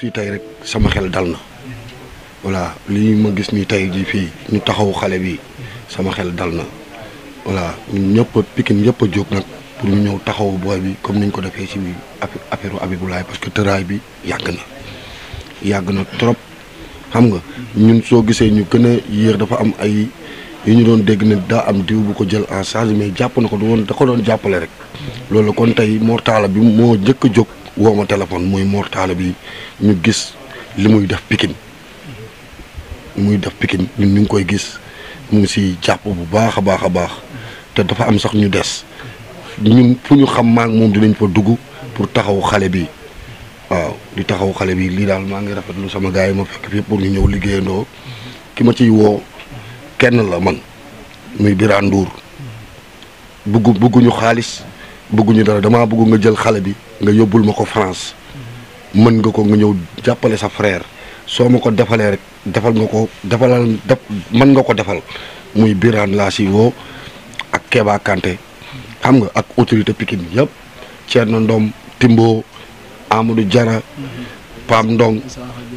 gis tey rek sama xel dal na voilà lii ma gis nii tey jii fii ñu taxaw xale bi sama xel dal na voilà ñun ñëpp a jóg nag pour ñu ñëw taxaw booy bi comme niñ ko defee ci affaire Abibulaay parce que tëraay bi yàgg na yàgg na trop xam nga ñun soo gisee ñu gën a yéex dafa am ay yi ñu doon dégg ne daa am diw bu ko jël en charge mais jàpp na ko du woon da ko doon jàppale rek loolu kon tey mortala bi moo njëkk a jóg woo ma téléphone muy Mor bi ñu gis li muy def Pikine muy def pikin ñun ñu ngi koy gis mu ngi si jàpp bu baax a baax a baax te dafa am sax ñu des ñun fu ñu xam maak moom dinañ fa dugg pour taxaw xale bi waaw di taxaw xale bi lii daal maa ngi rafet lu sama gars yi ma fekk fii pour ñu ñëw liggéeyandoo ki ma ciy woo kenn la man muy Birane Ndour bugg bugguñu xaalis bëgguñu dara dama bëggu nga jël xalé bi nga yobul mako France mën nga ko nga ñëw jappalé sa frère so mako défalé rek défal nga ko défal man nga ko défal muy biran la ci wo ak keba kanté xam nga ak autorité pikine yépp cierno ndom timbo amadou jara pam ndong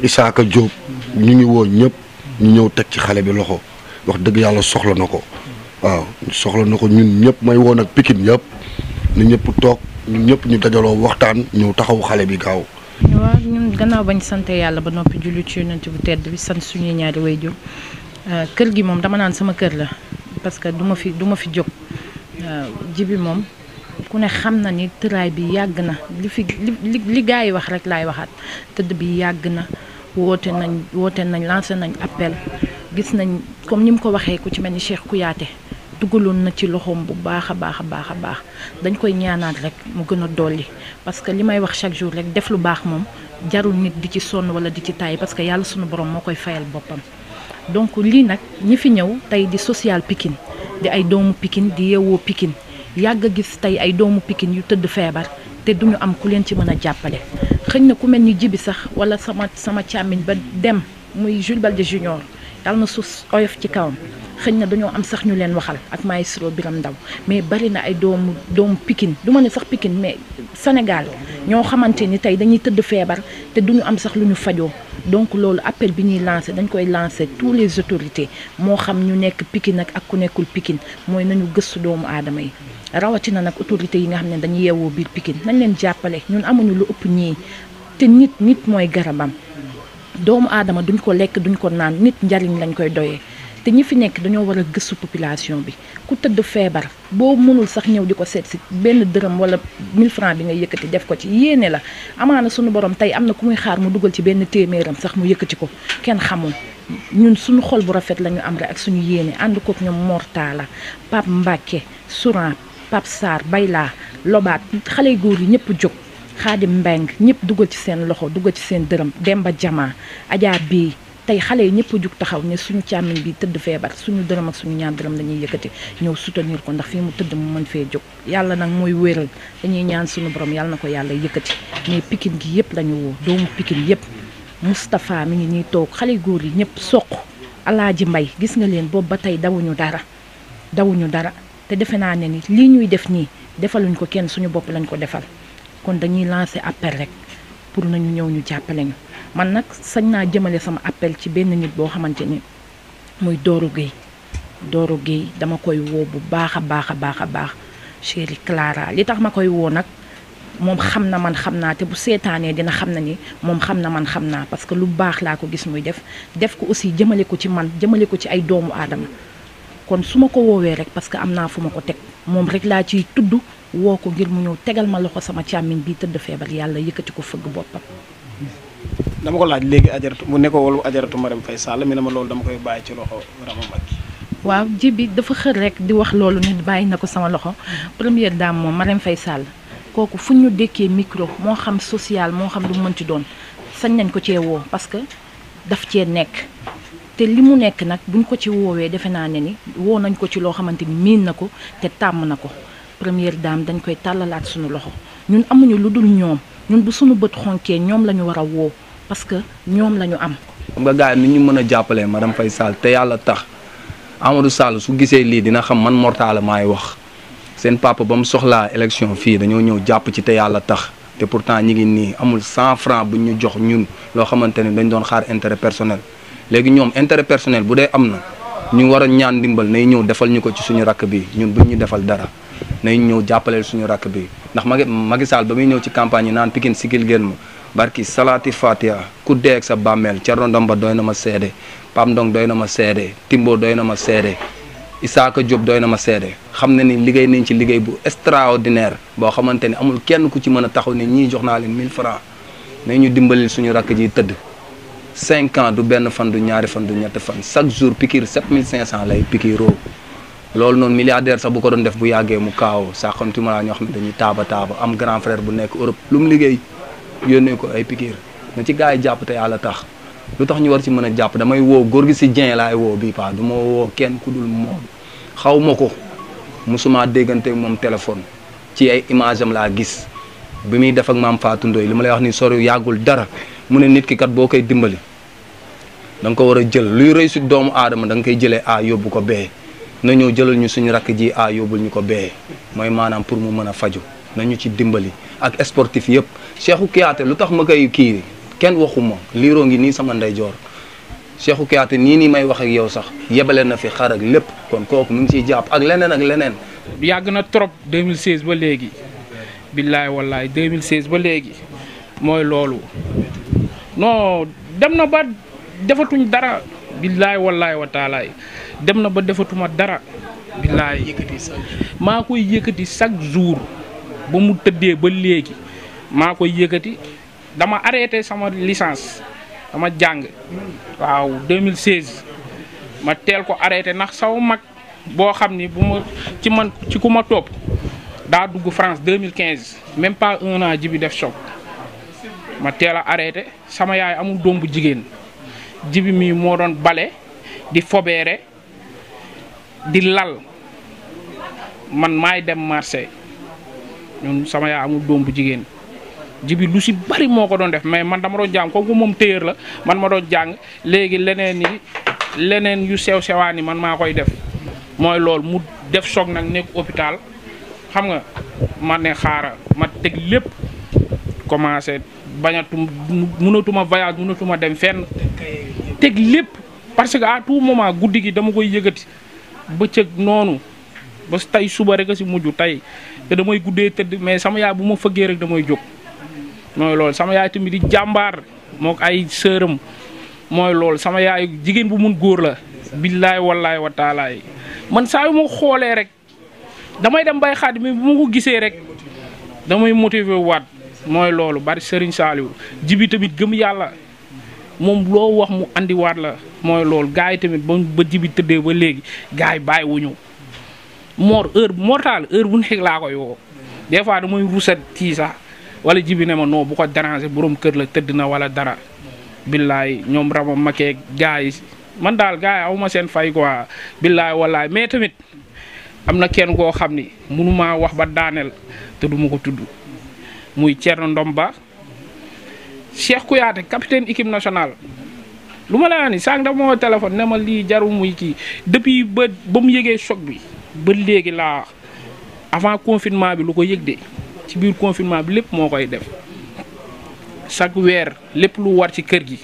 isaka job ñu ngi wo ñëpp ñu ñëw tek ci xalé bi loxo wax dëgg yalla soxla nako waaw soxla nako ñun ñëpp may wo nak pikine yépp na ñëpp toog ñun ñëpp ñu dajaloo waxtaan ñu taxawu xale bi gaaw. waaw ñun gannaaw bañ sant yàlla ba noppi julli ci yonent bu tedd bi sant suñuy ñaari way waajur euh, kër gi moom dama naan sama kër la parce que du ma fi du fi jóg euh, jibi moom ku ne xam na ni tëraay bi yàgg na li fi li li gars yi wax rek laay waxaat tëdd bi yàgg na woote nañ woote nañ lancé nañ appel gis nañ comme ni mu ko waxee ku ci mel ni Cheikh Kouyaté dugaloon na ci loxoom bu baax a baax a baax a baax dañ koy ñaanaat rek mu gën a dolli parce que li may wax chaque jour rek def lu baax moom jarul nit di ci sonn wala di ci taay parce que yàlla suñu borom moo koy fayal boppam. donc lii nag ñi fi ñëw tey di social pikin di ay doomu pikin di yeewoo pikin yàgg a gis tey ay doomu Pikine yu tëdd feebar te du ñu am ku leen ci mën a jàppale xëñ na ku mel ni jibi sax wala sama sama càmmiñ ba dem muy Jules Balde Junior yàlla na suuf oyof ci kawam. xëñ na dañoo am sax ñu leen waxal ak maestro Biram Ndaw mais bari na ay doomu doomu pikin du ma ne sax Pikine mais Sénégal ñoo xamante ni tey dañuy tëdd feebar te duñu am sax lu ñu fajoo donc loolu appel bi ñuy lancé dañ koy lancé tous les autorités moo xam ñu nekk Pikine nag ak ku nekkul Pikine mooy nañu gëstu doomu aadama yi rawatina nag autorités yi nga xam ne dañuy yeewoo biir Pikine nañ leen jàppale ñun amuñu lu ëpp ñii te nit nit mooy garabam doomu aadama duñ ko lekk duñ ko naan nit njariñ lañ koy doyee te ñi fi nekk dañoo war a gëstu population bi ku tëdd feebar boo mënul sax ñëw di ko seet si benn dërëm wala 1000 francs bi ngay yëkkati def ko ci yéene la amaana sunu borom tey am na ku muy xaar mu dugal ci benn téeméeram sax mu yëkkati ko kenn xamul ñun suñu xol bu rafet lañu am rek ak suñu yéene ànd kook ñoom la Pape Mbacke Souran Pape Sarr Bayla Lobaat xale góor yi ñëpp jóg Xaadim Mbeng ñëpp dugal ci seen loxo dugal ci seen dërëm Demba Jama Adja bii tey xale yi ñëpp jug taxaw ne suñu càmmiñ bi tëdd feebar suñu dërëm ak suñu ñaar dërëm dañuy yëkkati ñëw soutenir ko ndax fii mu tëdd mu mën fee jóg yàlla nag mooy wéeral dañuy ñaan suñu borom yàlla na ko yàlla yëkkati mais pikin gi yëpp lañu woo doomu pikin yëpp Moustapha mi ngi nii toog xale góor yi ñëpp soq alaaji mbay gis nga leen boobu ba tey dawuñu dara dawuñu dara te defe naa ne nit lii ñuy def nii defaluñ ko kenn suñu bopp lañ ko defal kon dañuy lancer appel rek pour nañu ñëw ñu jàppale man nag sañ naa jëmale sama appel ci benn nit boo xamante ni muy Doro Gueye Doro Gueye dama koy woo bu baax a baax a baax a baax chérie Clara li tax ma koy woo nag moom xam na man xam naa te bu seetaanee dina xam na ni moom xam na man xam naa parce que lu baax laa ko gis muy def def ko aussi jëmale ko ci man jëmale ko ci ay doomu aadama kon su ma ko woowee rek parce que am naa fu ma ko teg moom rek laa ciy tudd woo ko ngir mu ñëw tegal ma loxo sama càmmiñ bi tëdd feebar yàlla yëkkati ko fëgg boppam dama ko laaj léegi ajaratu mu nekkoon ajaratu Marème Faye Sall mi ne ma loolu dama koy bàyyi ci loxo Rama Mbacké waaw ji bi dafa xër rek di wax loolu ne bàyyi na ko sama loxo première dame moom Marème fay Sall kooku fu ñu dékkee micro moo xam social moo xam lu mu mënti doon sañ nañ ko cee woo parce que daf cee nekk te li mu nekk nag buñ ko ci woowee defe naa ne ni woo nañ ko ci loo xamante ni miin na ko te tàmm na ko première dame dañ koy tàllalaat suñu loxo ñun amuñu lu dul ñoom. ñun bu suñu bët xonkee ñoom la ñu war a woo parce que ñoom la ñu am. xam nga gars yi ni ñu mën a jàppalee madame Faye Sall te yàlla tax Amadou Sall su gisee lii dina xam man mortaala maay wax seen papa ba mu soxlaa élection fii dañoo ñëw jàpp ci te yàlla tax te pourtant ñi ngi nii amul cent franc bu ñu jox ñun loo xamante ne dañ doon xaar intérêt personnel léegi ñoom intérêt personnel bu dee am na ñu war a ñaan ndimbal nay ñëw defal ñu ko ci suñu rakk bi ñun buñ ñu defal dara. nañ ñëw jàppaleel suñu rakk bi ndax Macky Macky Sall ba muy ñëw ci campagne yi naan Pikine sikil génn ma barki salaati fatiha ku dee ak sa bàmmeel Thierno Ndomba doy na ma seede Pam Ndong doy na ma seede Timbo doy na ma seede Isaaka Diop doy na ma seede xam na ni liggéey nañ ci liggéey bu extraordinaire boo xamante ni amul kenn ku ci mën a taxaw ne ñii jox naa leen mille francs ne ñu dimbalil suñu rakk ji tëdd cinq ans du benn fan du ñaari fan du ñett fan chaque jour piqûre 7500 lay piqûre loolu noonu milliardaire sax bu ko doon def bu yàggee mu kaaw sàqantuma laa ñoo xam ne dañuy taaba taaba am grand frère bu nekk Europe lu mu liggéey yónnee ko ay pikiir na ci gars yi jàpp te yàlla tax lu tax ñu war ci mën a jàpp damay woo góor gi si Dieng laay woo bii paa du ma woo kenn ku dul moom xaw ma ko musuma déggante moom téléphone ci ay image laa gis bi muy def ak maam Fatou Ndoye li ma lay wax ni sori yàggul dara mu ne nit ki kat boo koy dimbali da ko war a jël luy réussite doomu aadama da nga koy jëlee A yóbbu ko B. na ñëw jëlal ñu suñu rakk ji a yóbbul ñu ko bee mooy maanaam pour mu mën a faju nañu ci dimbali ak sportif yëpp Cheikhou Kouyaté lu tax ma koy kii kenn waxuma liiroo ngi nii sama ndeyjoor Cheikhou Kouyaté nii nii may wax ak yow sax yebale na fi xarak lépp kon kooku mu ngi ciy jàpp ak leneen ak leneen. yàgg na trop 2016 ba léegi billaay wallaay 2016 ba léegi mooy loolu non dem na ba defatuñ dara billaay wallaay wa taalaay dem na ba defatuma dara. billaay maa koy yëkkati chaque jours ba mu tëddee ba léegi maa koy yëkkati dama arrêté sama licence dama jàng waaw 2016 ma teel ko arrêté ndax sama mag boo xam ni bu ma ci man ci ku ma topp daa dugg France 2015 même pas un an ji bi def choc ma teel a arrêté sama yaay amul doom bu jigéen jibi mii moo doon bale di fobeere di lal man may dem marché ñun sama ya amul doom bu jibi lu si bari moko don def mais man dama do jang ko ko mom teyer la man ma do jang leneni leneen ni leneen yu sew sewani man ma koy def moy lol mu def sok nak nek hôpital xam nga ma ne xara ma teg lepp commencé bañatum mënatuma voyage mënatuma dem fenn teg lepp parce que à tout moment goudi gi dama koy bëccëg noonu ba tey suba rek a si mujj tey te damay guddee tëdd mais sama yaay bu ma fëggee rek damay jóg mooy loolu sama yaay tamit di jàmbaar mook ay sëram mooy loolu sama yaay jigéen bu mun góor la billaay wallaay wa taalaay man saa yu ma xoolee rek damay dem bay xaat mi ma ko gisee rek damay motiver waat mooy loolu bari Serigne Saliou jibi tamit gëm yàlla moom loo wax mu andiwaat la mooy loolu gars yi tamit ba ba jibi tëddee ba léegi gars yi bàyyi wu moor heure mortal heure bu nekk laa ko woo des fois damay rusat ci sax wala jibi ne ma noo bu ko déranger borom kër la tëdd na wala dara billaay ñoom rama makee gars yi man daal gars yi ma seen fay quoi billaay wallaay mais tamit am na kenn koo xam ni mënumaa wax ba daaneel te du ko tudd muy ndom ba Cheikh Kouyaté capitaine équipe nationale luma la ni sang dama mo téléphone néma li jarou muy ki depuis ba bam yégué choc bi ba légui la avant confinement bi lu ko yëg ci biir confinement bi lépp mo koy def chaque wèr lépp lu war ci kër gi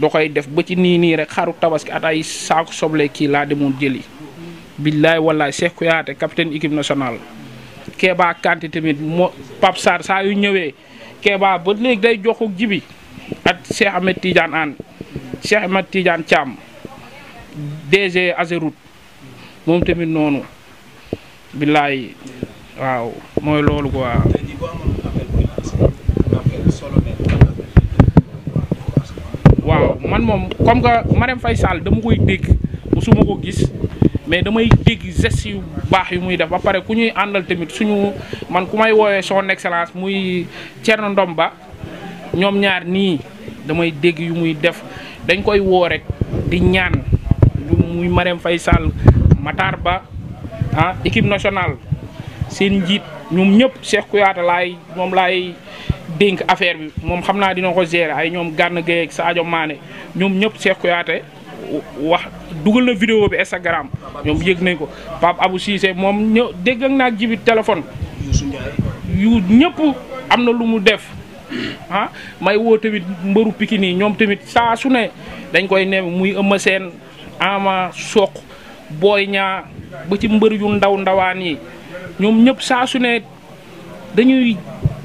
da koy def ba ci ni ni rek xaru tabaski atay sak saaku soble kii laa demoon jëli billaay wallaay Cheikh Kouyaté capitaine équipe nationale Keba Kanté tamit pap sar sa yu ñëwé Kéba ba léegi day joxu jibi ak Cheikh Ahmed Tidiane Anne Cheikh Ahmed Tidiane Thiam DG Azeroute moom tamit noonu billaay waaw mooy loolu waaw man moom comme que Marème Faye Sall dama koy dégg su ma ko gis. mais damay dégg geste yu baax yu muy def ba pare ku ñuy àndal tamit suñu man ku may woowee son excellence muy ndom ba ñoom ñaar nii damay dégg yu muy def dañ koy woo rek di ñaan muy Marème fay Sall Matar Ba ah équipe nationale seen njiit ñoom ñëpp Cheikh Kouyaté lay moom laay dénk affaire bi moom xam naa dina ko gérer ay ñoom Gana Gueye ak Sadio Mané ñoom ñëpp Cheikh Kouyaté wax dugal na vidéo bi Instagram ñoom yëg nañ ko Pape Abou Cissé moom ñëw naa ak téléphone yu ñëpp am na lu mu def ah may woo tamit mbëru Pikine ñoom tamit saa su ne dañ koy ne muy Eumeu Sène Ama Sokh booy ñaa ba ci mbër yu ndaw ndawaan yi ñoom ñëpp saa su ne dañuy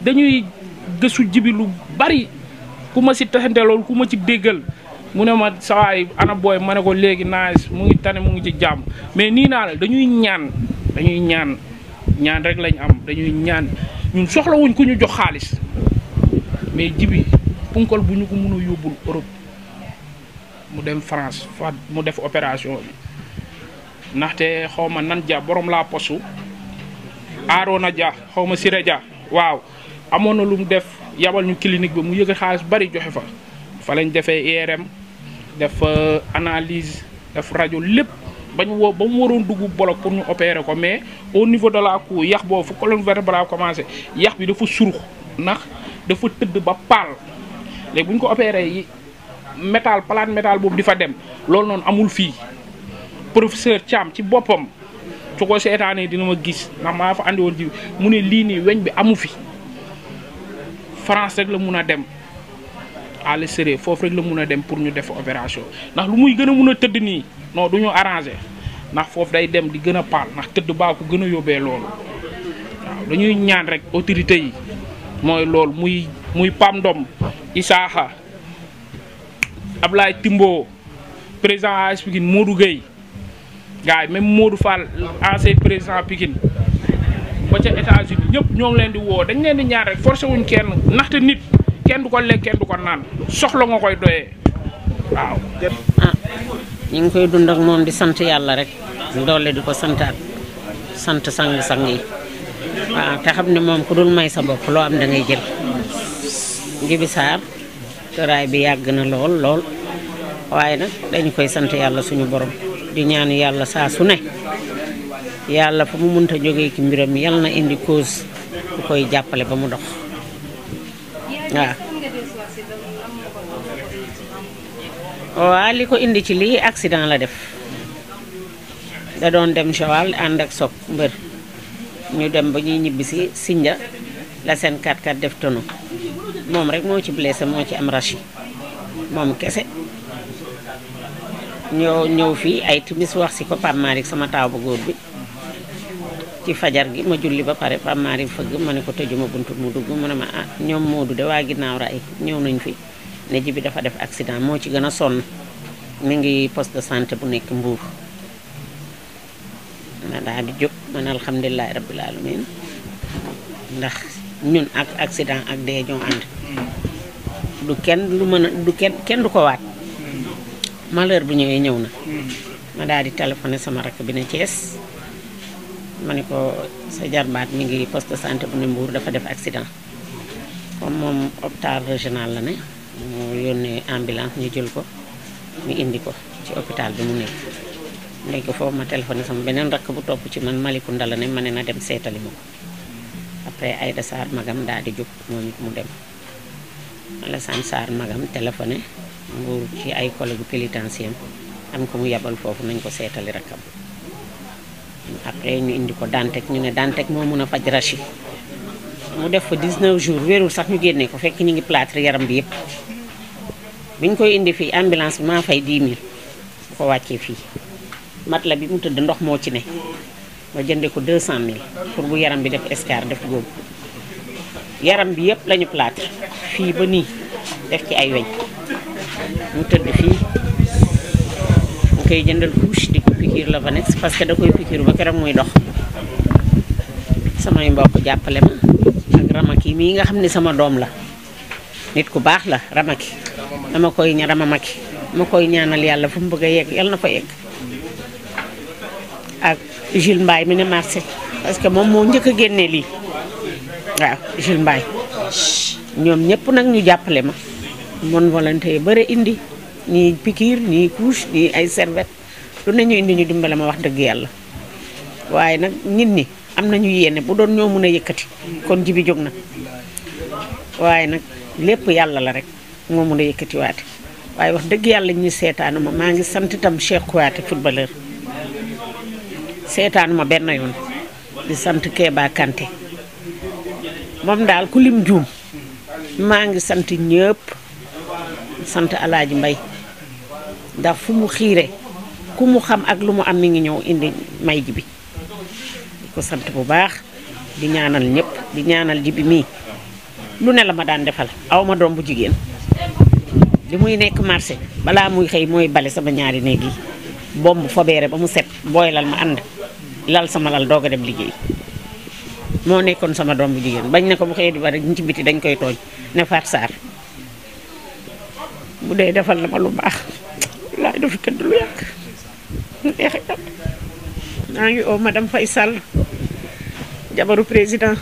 dañuy gëstu jibi lu bari ku ma si taxante loolu ku ma ci déggal mune ma saway ana boy ma ne ko léegi naaj mu ngi tane mu ngi ci jàmm mais ni na dañuy ñaan dañuy ñaan ñaan rek lañ am dañuy ñaan ñun wuñ ku ñu jox xaaliss mais jibi punkol buñu ko mën yobul europe mu dem france fa mu def opération bi ndaxte xawma nan ja borom la posu arona ja xawma sire ja waw amono lu def yabal ñu clinique bi mu yëg xaaliss bari joxe fa fa lañ defee IRM def analyse def radio lip bañ wo bam waron waroon dugg bloc pour ñu opérer ko mais au niveau de la cou yax bo fu colonne vertébrale commencé yax bi dafa surux ndax dafa teud ba pal lé buñ ko opéré yi plate métal di dem loolu non amul fi professeur cham ci bopam ci ko sétané dina ma gis ndax ma fa andi won ci mune li ni wéñ bi amu fi France rek la mëna dem à l'extérieur foofu rek la mun a dem pour ñu def opération ndax lu muy gën a mun a tëdd nii noo du ñu arrangé ndax foofu day dem di gën a paal ndax tëdd baa ko gën a yóbbee loolu waaw dañuy ñaan rek autorité yi mooy loolu muy muy Pam Ndom Isaaxa Ablaye Timbo président AS Pikine Modou Gueye gars yi même Modou Fall ancien président Pikine ba ca États-Unis ñëpp ñoo ngi leen di woo dañ leen di ñaan rek forcé wuñ kenn ndaxte nit kenn duko lek, kenn duko nan soxlo nga koy doye waaw. ah ngi koy dund ak mom di sante Yalla rek doole diko santat sante sangi sang-sang yi waaw ah, te xam ne ku dul may sa bopp lo am da ngay jël. Jibi sar toray bi yag na lol lol waye nak dañ koy sante yalla suñu borom di ñaan yalla sa su ne Yalla fa mu munta joge ci mbiram yalla na indi cause ku koy jappale ba mu dox waaw ya. oh, waaw ko indi ci aksi accident la def da don dem shawal andak ak ber. mbër dem ba ñuy ñibbisi Sinja la sen 4 def tonu moom rek moo ci blessé moo ci am rachi moom kese ñoo ñëw fi ay timis wax si ko pam marik sama taaw bu ci fajar gi ma julli ba pare pam mari feug mané ko tejuma buntu mu dugg mané ma ñom ah, ñoom de wa ginnaaw ray eh, ñew nañ fi né ji bi dafa def accident mo ci gëna a mi ngi poste de santé bu nekk Mbour na da di jóg man ne rabbil alamin ndax ñun ak accident ak dé ñoo and du kenn lu mëna du kenn kenn du ko waat mm. malheur bu ñëw na mm. ma daal di téléphoner sama rakk bi ci ess ma ne ko sa jarbaat mu ngi poste santé bu ne Mbour dafa def accident comme moom hôpital régional la ne mu yónnee ambulance ñu jël ko mu indi ko ci hôpital bi mu nekk léegi foofu ma téléphoné sama beneen rakk bu topp ci man Malicounda la ne ma ne na dem seetali ma ko après Aïda Sarr magam daal di jóg moom it mu dem Alassane Sarr magam téléphoné Mbour ci ay collègue pénitentiaire am ko mu yabal foofu nañ ko seetali rakkam après ñu indi ko Dantec ñu ne Dantec moo mën a faj rachis mu def ko 19 jours wérul sax ñu génnee ko fekk ñu ngi plâtre yaram bi yëpp biñ koy indi fii ambulance bi maa fay 10 000 bu ko wàccee fii matla bi mu tëdd ndox moo ci ne ma jënde ko cent 000 pour bu yaram bi def escar def góob yaram bi yëpp lañu plâtre fii ba nii def ci ay weñ mu tëdd fii koy jëndal couche di ko piqûre la vanex parce que da koy piqûre ba keroog muy dox samay mbokk jàppale ma ak ramaki mii nga xam ne sama doom la nit ku baax la ramaki dama koy ña ramamaki ma koy ñaanal yàlla fu mu bëgg a yegg yàlla na ko yegg ak Jules Mbaye mi ne marché parce que moom moo njëkk a génnee lii waaw Jules Mbaye ñoom ñëpp nag ñu jàppale ma mon volonté bëre indi nii pikiir nii couche ñii ay serviette lu nañu ñu indi ñu dimbale ma wax dëgg yàlla waaye nag nit ñi am nañu yéene bu doon ñoo mën a yëkkati kon jibi jóg na waaye nag lépp yàlla la rek moo mën a yëkkati waate waaye wax dëgg yàlla ñi seetaanuma maa ngi sant itam Cheikh Kouyaté footballeur seetaanuma benn yoon di sant Kéba Kanté moom daal ku lim juum maa ngi sant ñëpp sant Alaaji Mbay ndax fu mu xiire ku mu xam ak lu mu am mi ngi ñëw indi may ji bi ko sant bu baax di ñaanal ñëpp di ñaanal jibi mii lu ne la ma daan defal aw ma doom bu jigéen li muy nekk marché balaa muy xëy mooy bale sama ñaari néeg yi bomb fobeere ba mu set booylal ma ànd lal sama lal doog a dem liggéey moo nekkoon sama doom bu jigéen bañ ne ko bu xëyee di bare ñu ci biti dañ koy tooñ ne Fatou Sarr bu dee defal na ma lu baax waaye dafa lu yàgg maa ngi oo madam fay Sall jabaru président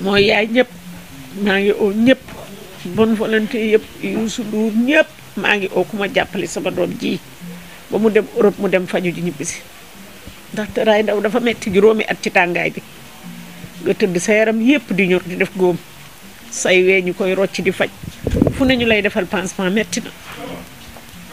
mooy yaay ñëpp maa ngi oo ñëpp bonne volonté yëpp Youssou Ndour ñëpp maa ngi oo ku ma jàppale sama doom ji ba mu dem Europe mu dem faju ji ñibbisi ndax tëraay ndaw dafa metti juróomi at ci tàngaay bi nga tëdd sa yaram yëpp di ñor di def góom say wee ñu koy rocc di faj fu ne ñu lay defal pansement mettina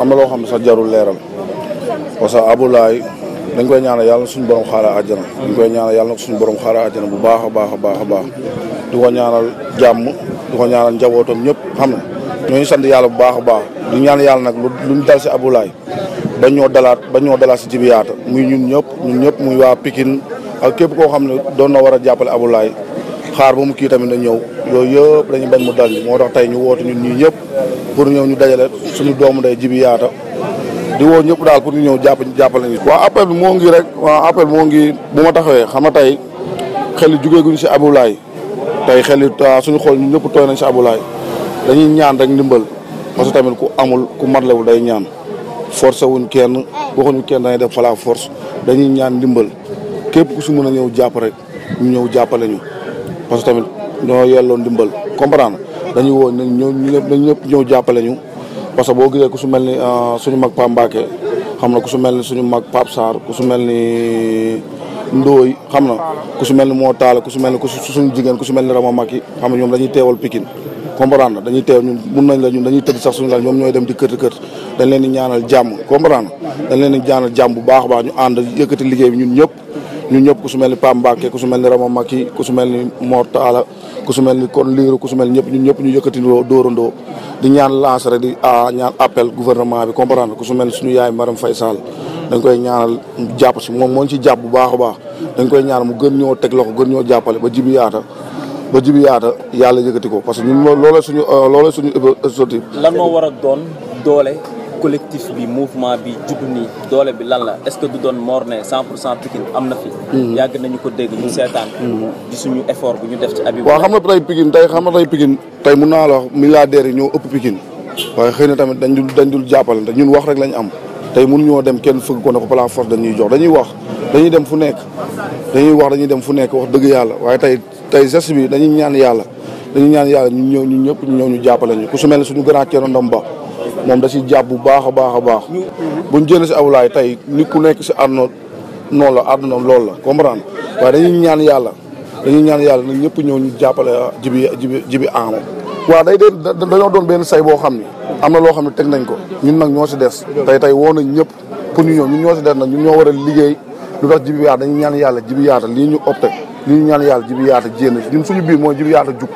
am na loo xam ne sax jarul leeral parce que Aboulaye dañ koy ñaanal yàlla na suñu borom xaaraa àjjana. dañ koy ñaanal yàlla suñu borom xaaraa àjjana bu baax a baax a baax a baax di ko ñaanal jàmm di ko ñaanal njabootam ñëpp xam na ñooñu sant yàlla bu baax a baax di ñaan yàlla nag lu ñu dal si abulaay ba ñoo dalaat ba ñoo dalaat si jibiyaata muy ñun ñëpp ñëpp muy waa Pikine ak képp koo xam ne doon na war a jàppale abulaay xaar bu mu ki tamit na ñew yoy yeb dañu bañ mu dal mo tax tay ñu woote ñun ñi ñëpp pour ñew ñu dajale suñu doomu day jibi yaata di wo ñep dal pour ñu ñëw jàpp jàppale ñu waaw appel mo ngi rek wa appel mo ngi bu ma taxawee xam nga tey xel yi jugeeguñu si abulaay tay xel suñu xol ñu ñep toy nañ si abulaay dañuy ñaan rek ndimbal parce que tamit ku amul ku matlewul day ñaan force wuñ kenn waxuñu kenn dañ def fala force dañuy ñaan ndimbal képp ku su mëna ñew japp rek ñu ñëw jàppale ñu parce que tamit ñoo yelloo ndimbal comprendre dañuy woo nañ ñëpp nañ ñëpp ñëw jàppale ñu parce boo boo gisee ku su mel ni euh, suñu mag Pape Mbacke xam na ku su mel ni suñu mag Pape Sarr ku su mel ni Ndooy xam na ku su mel ni moo taal ku su mel ni ku suñu jigéen ku su mel ni Rama Maki xam na ñoom dañuy teewal Pikine comprendre dañuy teew ñun mun nañ la ñun dañuy tëdd sax suñu laal ñoom ñooy dem di kër kër dañ leen di ñaanal jàmm comprendre dañ leen di ñaanal jàmm bu baax a baax ñu ànd ñu ñëpp ku su mel ni Pam Mbacke ku su mel ni Rama Maki ku su mel ni Mor Talla ku su mel ni kon liiru ku su mel ni ñëpp ñun ñëpp ñu yëkkatindoo dóorandoo di ñaan lancer rek di ñaan appel gouvernement bi comprendre ku su mel ni suñu yaay Maram fay Sall danga koy ñaanal jàpp si moom moo ci jàpp bu baax a baax dañ koy ñaanal mu gën ñoo teg loxo gën ñoo jàppale ba jibi yaata ba jibi yaata yàlla yëkkati ko parce que ñun loolu suñu loolu suñu objectif lan moo war a doon doole collectif bi mouvement bi juddu nii doole bi lan la est-ce que du doon morne 100 am na fi. Hmm. yàgg nañu ko dégg ñu seetaan. Hmm. di suñu effort bu ñu def ci Habib. waaw xam nga tey Pikine tey mun naa la wax milliardaires yi ñoo ëpp Pikine waaye xëy na tamit dañ dul dañ dul jàppalante wax rek lañ am tey mënuñoo dem kenn fëgg ko ne ko par force dañuy jox dañuy wax dañuy dem fu nekk dañuy wax dañuy dem fu nekk wax dëgg yàlla waaye tey tey geste bi dañuy ñaan yàlla dañuy ñaan yàlla ñu ñëw ñu ñëpp su moom da si jàpp bu baax a baax a baax buñ jëlee si awlaay tey nit ku nekk si àdduna noonu la àdduna loolu la comprendre waaye dañuy ñaan yàlla dañuy ñaan yàlla nag ñëpp ñëw ñu jàppale jibi jibi jibi aama waaw day dee dañoo doon benn say boo xam ne am na loo xam ne teg nañ ko ñun nag ñoo si des tey tey woo nañ ñëpp pour ñu ñëw ñun ñoo si des na ñu ñoo war a liggéey lu tax jibi ñaan yàlla jibi yaata lii ñu teg li ñu ñaan yàlla jibi yaata jénn ñun suñu biir mooy jibi yaata jug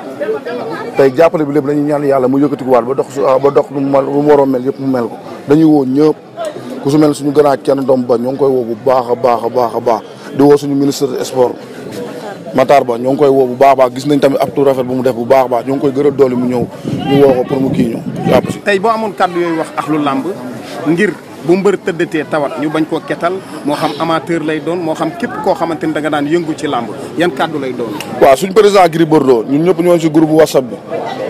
tey jàppale bi lépp dañuy ñaan yàlla mu yëkkatikuwaat ba dox ba dox lu mu waroon mel yëpp mu mel ko dañuy woo ñëpp ku su mel suñu gënaa kenn doom ba ñoo ngi koy woo bu baax a baax a baax a baax di woo suñu ministre des sports Matar Ba ñoo ngi koy woo bu baax a baax gis nañ tamit ab tout rafet bu mu def bu baax baax ñoo ngi koy gërëm doole mu ñëw ñu woo pour mu kii ñu jàpp si. tey boo amoon kàddu yooyu wax ak làmb ngir bu mbeur teudete tawat ñu bañ ko ketal mo xam amateur lay doon mo xam képp ko xamanteni da nga daan yëngu ci lamb yeen cadeau lay doon wa suñu président Gris Bordo ñun ñëpp ñoo ci groupe whatsapp bi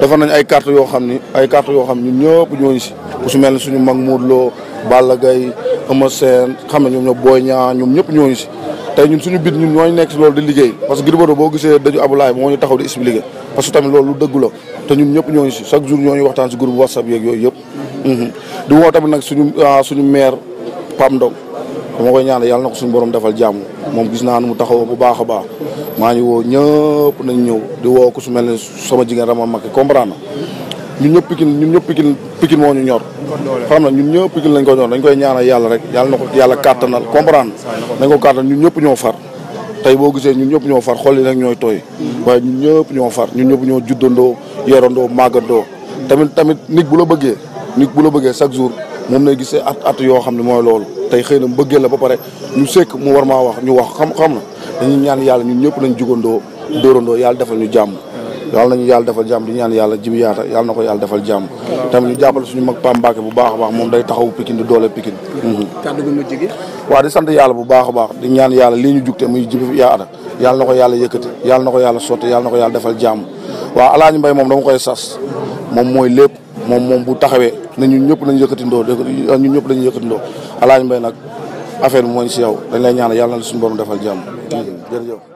dafa nañ ay carte yo xamni ay carte yo xamni ñun ñëpp ñoo ci ku su mel suñu mag Modou Balla Gay Eumeu Sen xam ne ñoom ñoo Boy Niang ñoom ñëpp ñoo ci tay ñun suñu bit ñun ñooñu nekk si loolu di liggéey parce que Gris Bordo bo gisee dañu abulaay mo ñu taxaw di expliquer parce que tamit loolu lu dëgg la te ñun ñëpp ñoo ci chaque jour ñoo ñu waxtaan ci groupe whatsapp yeeg yoy yëpp Mhm. di woo tamit nak suñu ah, suñu maire Pam Ndong dama koy ñaan yàlla nako suñu borom defal jamm mom gis na nu taxaw bu baaxa a baax maa ngi woo ñëpp nañ ñew di wo ku su melni sama jigen rama makki comprendre ñun ñepp pikin ñun ñepp pikin pikin mo ñu ñor xam na ñun ñepp pikin lañ ko ñor dañ koy ñaanal yàlla rek yàlla nako ko katanal comprendre dañ ko kàttanal ñun ñepp ñoo far tay bo gisee ñun ñepp ñoo far xol li nak ñoy toy waaye ñun ñepp ñoo far ñun ñepp ñoo juddandoo yorandoo màggandoo tamit tamit nit bu la bëggee nit bu la bëggee chaque jour moom lay gisee at at yoo xam ne mooy loolu tey xëy na bëggee la ba pare ñu sekk mu war ma wax ñu wax xam-xam na dañuy ñaan yàlla ñu ñëpp nañ jugandoo dóorandoo yàlla defal ñu jàmm yàlla nañu yàlla defal jàmm di ñaan yàlla jibi yaata yàlla na ko yàlla defal jàmm tamit ñu jàppale suñu mag Pam Mbacké bu baax a baax moom day taxaw Pikine di doole Pikine mhm. kàddu gu mujj gi waaw di sant yàlla bu baax a baax di ñaan yàlla lii ñu jugte muy jibi yaata yàlla na ko yàlla yëkkati yàlla na ko yàlla sotti yàlla na ko yàlla defal jàmm waaw alaaji mbay moom dama koy sas moom mooy lépp moom moom bu taxawee ne ñun ñëpp nañu yëkkatindoo ñun ñëpp dañuy yëkkatindoo Alaaji Mbay nag affaire bi mooñ si yow dañ lay ñaan yàlla na suñu borom defal jàmm jërëjëf